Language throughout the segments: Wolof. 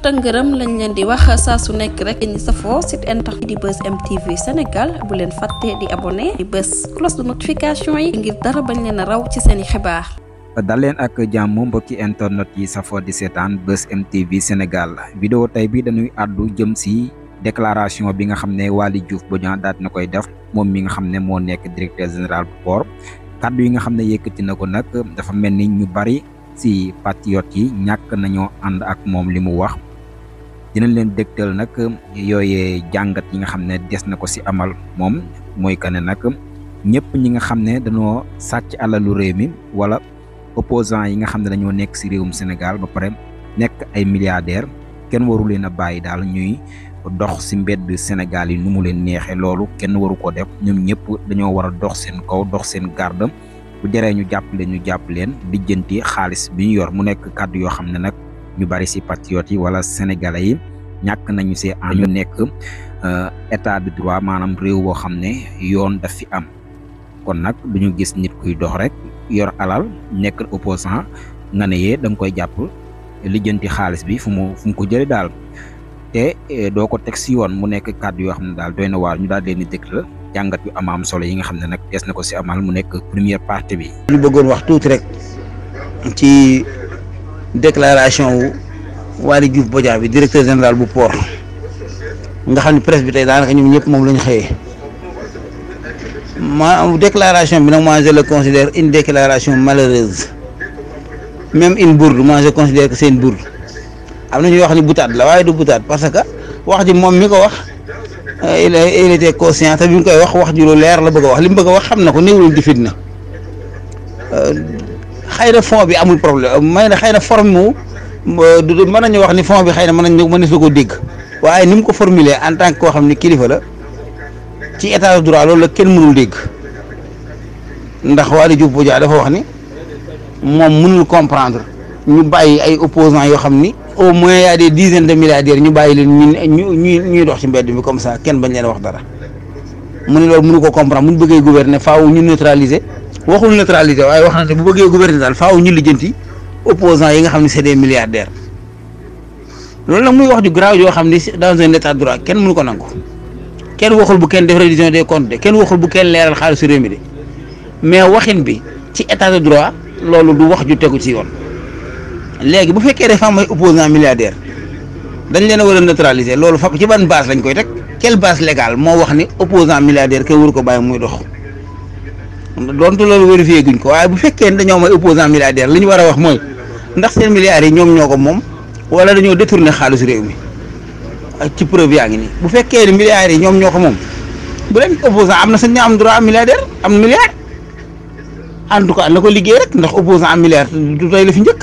tëngërëm lañ leen di wax saa su nekk rek ñi safoo site internet di bus mtv Senegal bu leen fàtte di eh. abonné di bës cloche de notification yi ngir dara bañ leen a raw ci seeni xibaar dal leen ak jàmm mbokki internet yi safoo di seetaan bës mtv Senegal video tey bi dañuy àddu jëm si déclaration bi nga xam ne Waly Diouf Bodian daat na koy def moom mi nga xam ne moo nekk directeur général bu port kàddu yi nga xam ne yëkkati na dafa mel ñu bari si patriot yi ñak nañu and ak mom limu wax dinañ leen dektal nak yoyé jangat yi nga xamné dess nako ci amal mom moy kané nak ñepp ñi nga xamné dañu sacc walap lu réew mi wala opposant yi nga xamné dañu dañoo nekk si réewum Sénégal ba paré nekk ay milliardaire kenn waru leena bayyi dal ñuy dox ci mbedd Sénégal yi numu leen neexee lolu kenn waru ko def ñom ñepp dañu war dox sen kaw dox sen garde bu jëree ñu japp leen ñu japp leen dijeenti xaaliss bi ñu yor mu nekk kaddu yo xamne nak ñu bari ci patriote yi wala sénégalais yi ñak nañu ci en ñu nekk euh état de droit manam réew bo xamne yoon da fi am kon nak duñu gis nit kuy dox rek yor alal nekk opposant nga ye dang koy japp lijeenti xaaliss bi fu mu fu ko jëlee dal té eh, do ko tek ci yoon mu nekk kaddu yo xamne dal doyna war ñu dal leen di déglu jàngat yu am solo yi nga xam ne nag des ne ko si amal mu nekk première partie bi. ñu bëggoon wax tuuti rek ci déclaration wu Waly Diouf Bodian bi directeur général bu port nga xam ne presse tey daanaka ñoom ñëpp moom la ñu xëyee ma déclaration bi nag moi je le une déclaration malheureuse même une bourde moi je considère que c'est am na ñuy wax ni boutade la waaye du boutade parce que wax ji moom mi ko wax. Euh, il était conscient te bi mu koy wax wax ju lu leer la bëgg a wax li mu bëgg a wax xam na ko néewul di fitna euh, xëy na fond bi amul problème may na xëy na forme mu du mën nañu wax ni fond bi xay na mën nañu mën ko dégg waaye ni mu ko formuler en tant ko xam ni kilifa la ci état de droit loolu la kenn mënul dégg ndax Waly Diouf Bodian dafa wax ni moom mënul comprendre ñu bàyyi ay opposants yoo xam ni au moins y a des dizaines de milliardaires ñu bàyyi leen ñu ñuy dox ci mbedd bi comme ça kenn bañ leen wax dara mu ne loolu mënu ko comprendre mu bëggee gouverner faaw ñu neutraliser waxul neutraliser waaye wax na ne bu bëggee gouverner daal faaw ñu lijjanti opposants yi nga xam ne c'est des milliardaires loolu nag muy wax ju grave yoo xam ne dans un état de droit kenn mënu ko nangu kenn waxul bu kenn def révision des comptes de kenn waxul bu kenn leeral xaalisu réew mi de mais waxin bi ci état de droit loolu du wax ju tegu ci yoon. léegi bu fekkee ne femmes mooy opposant milliardaire dañ leen a war a neutraliser loolu fa ci ban base lañ koy teg quelle base légale moo wax ni opposant milliardaire kay waru ko bàyyi muy dox doontu loolu vérifié guñ ko waaye bu fekkee ne dañoo mooy opposant milliardaire li ñu war a wax mooy ndax seen milliards yi ñoom ñoo ko moom wala dañoo détourné xaalis réew mi ci preuve yaa ngi bu fekkee ne milliards yi ñoom ñoo ko moom bu leen am na sañ am droit am milliardaire am milliard en tout cas na ko liggéey rek ndax opposant am milliard du tey la fi njëkk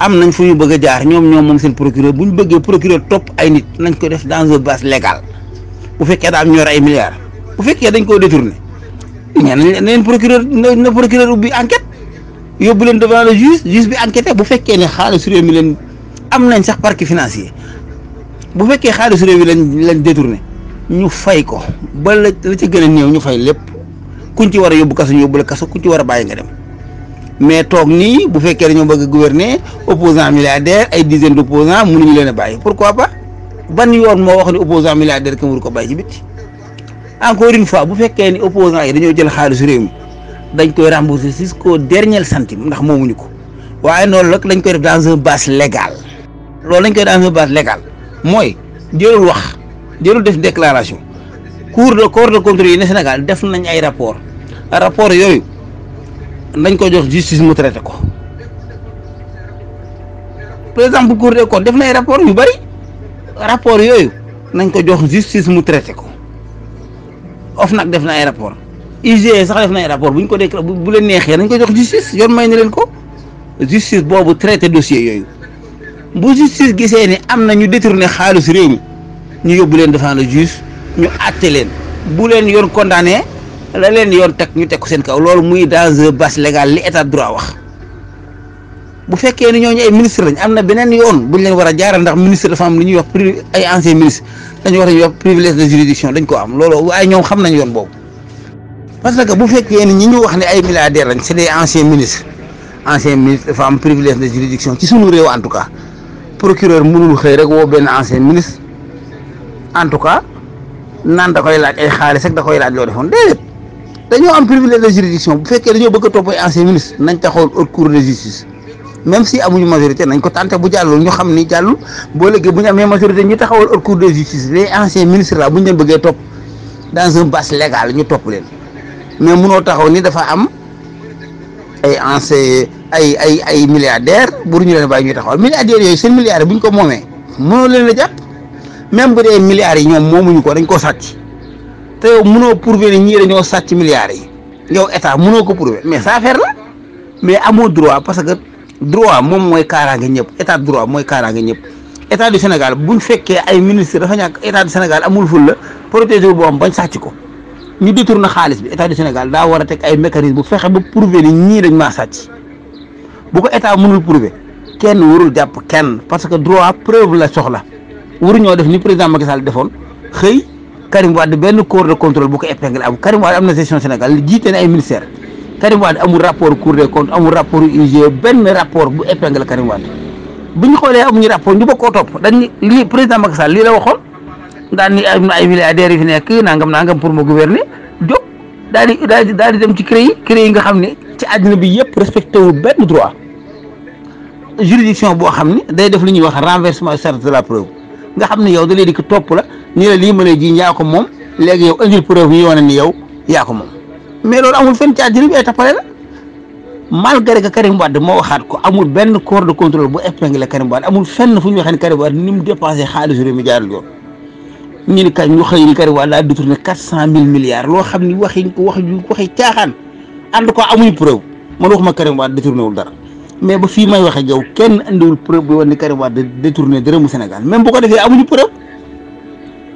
am nañ fu ñu bëgg a jaar ñoom ñoom moom seen procureur bu ñu bëggee procureur topp ay nit nañ ko def dans une base légale bu fekkee daa am ñor ay milliards bu fekkee dañ koo détourné mais nañ leen procureur na procureur ubbi enquête yóbbu leen devant le juge bi enquêté bu fekkee ne xaalis réew mi leen am nañ sax parquet financier bu fekkee xaalis réew mi lañ lañ détourné ñu fay ko ba la la ci gën a néew ñu fay lépp kuñ ci war a yóbbu kaso ñu yóbbu la kaso kuñ ci war a bàyyi nga dem. mais toog nii bu fekkee dañoo bëgg a gouverner opposant milliardaire ay dizaine d' opposant mënuñu leen bàyyi pour pourquoi pas ban yoon moo wax ne opposant milliardaire kenn waru ko bàyyi ci bitti encore une fois bu fekkee ni opposant yi dañoo jël xaalis réew mi dañ koy rembourser jusqu'au dernier centime ndax moomuñu ko waaye noonu nag lañ koy def dans un base légal loolu lañ koy def dans un base légal mooy jëlul wax jëlul def déclaration cour de corps de contrôle yi ne Sénégal def nañ ay rapport rapport yooyu nañ ko jox justice mu traité ko président exemple cour des comptes def na ay rapport yu bëri rapport yooyu nañ ko jox justice mu traité ko nag def na ay rapport IGE sax def na ay rapport bu ñu ko déclaré bu bu leen neexee nañ ko jox justice yoon may na leen ko justice boobu traité dossier yooyu bu justice gisee ni am na ñu détourné xaalis réew mi ñu yóbbu leen devant le juge ñu àtte leen bu leen yoon condamné la leen yoon teg ñu tek seen kaw loolu muy dans une base légale li état droit wax bu fekkee ni ñooñu ay ministre lañ am na beneen yoon bu ñu leen war a jaaral ndax ministre dafa am lu ñuy wax ay ancien ministre dañu war a wax privilège de juridiction am loolu waaye ñoom xam nañ yoon boobu parce que bu fekkee ni ñi ñu wax ne ay milliardaires lañ c'est des ministre ministres ancien ministre dafa am privilège de juridiction ci sunu réew en tout cas procureur mënul xëy rek woo benn ancien ministre en tout cas naan da koy laaj ay xaalis rek da koy laaj loo defoon déedéet dañu am privilège de juridiction bu fekkee dañu bëgg topé ancien ministre nañ taxawul au cour de justice même si amuñu majorité nañ ko tanté bu jallu ñu xamni jallu bo boo buñu amé majorité ñi taxawul au cour de justice les anciens ministres la buñu leen bëggé top dans un bas légal ñu top leen mais mëno taxaw ni dafa am ay ancien ay ay ay milliardaire bu ñu leen bay ñu taxawal milliardaire yoy seen milliard buñ ko momé mëno leen la japp même bu dé milliard yi ñom momuñu ko dañ ko sàcc te yow mënoo prouver ne ñii dañoo sàcc milliards yi yow état mënoo ko prouver mais ça affaire la mais amoo droit parce que droit moom mooy kaaraange ñëpp état droit mooy kaaraange ñëpp état du Sénégal buñ fekkee ay ministre dafa ñàkk état du Sénégal amul ful la protéger bu am bañ sàcc ko ñu na xaalis bi état du Sénégal daa war a teg ay mécanisme bu fexe ba prouver ni ñii dañ maa sàcc bu ko état munul prouver kenn warul jàpp kenn parce que droit preuve la soxla waruñoo def ni président Macky Sall defoon xëy. Karim Wade benn corps de contrôle bu ko épingle am Karim Wade am na gestion Sénégal jiite na ay ministère amul rapport cour des comptes amul rapport UG e, benn rapport bu épingle Karim Wade ñu xoolee amuñu rapport ñu bokkoo topp dañ li président Macky Sall lii la waxoon daan ni am na ay fi nekk nangam nangam pour mu gouverner jóg daal di daal di dem ci CREI CREI nga xam ne ci àddina bi yëpp respecté wu benn droit juridiction boo xam ne day def lu ñuy wax renversement charge de la preuve nga xam ne yow da lay dikk topp la. ñu ne lii ma lay jiiñ yaa ko moom léegi yow indil preuve yi wane ni yow yaa ko moom mais loolu amul fenn ci àddina bi ay tappale la malgré que Karim moo waxaat ko amul benn corps de contrôle bu épinglé Karim Wade fenn fu ñu waxee ne Karim Wade ni mu dépensé xaalis réew mi jaarul cent mille milliards loo xam ni waxi wax waxi caaxaan ànd ko amuñu preuve man waxuma Karim Wade dara mais ba fii may waxe kenn andiwul preuve bi woon Sénégal même bu ko defee amuñu preuve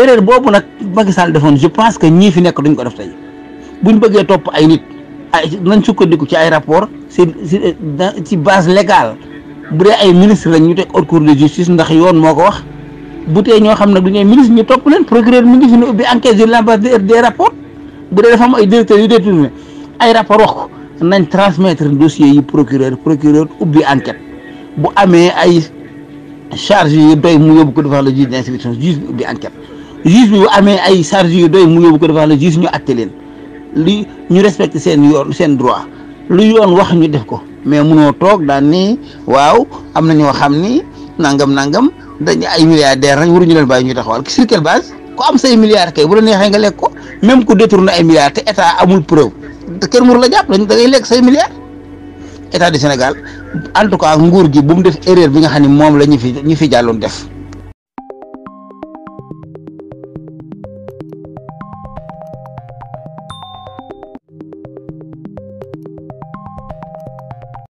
erreur boobu nag Macky Sall defoon je pense que ñii fi nekk duñ ko def tey buñ bëggee topp ay nit ay nañ sukkandiku ci ay rapport si ci base légale bu dee ay ministre lañ ñu teg haute cour de justice ndax yoon moo ko wax bu tee ñoo xam nag du ñuy ministre ñu topp leen procureur mi ngi fi ne ubbi enquête sur la base des rapports bu dee dafa ay directeurs yu détourné ay rapport wax ko nañ transmettre dossier yi procureur procureur ubbi enquête bu amee ay charge yi doy mu yóbbu ko devant le juge d'instruction juge ubbi enquête juge bi amee ay charge yu doy mu yóbbu ko devant le juge ñu àtte leen li ñu respecté seen yoon seen droit lu yoon wax ñu def ko mais munoo toog daal ni waaw am na ñoo xam ni nangam nangam dañ ay milliardaires lañ waruñu leen bàyyi ñu taxawal sur quelle base ku am say milliards kay bu la neexee nga lekk ko même ku détourné ay milliards te état amul preuve kenn mënu la jàpp dañ da ngay lekk say milliards état du Sénégal en tout cas nguur gi bu mu def erreur bi nga xam ne moom la ñu fi ñu fi jàlloon def.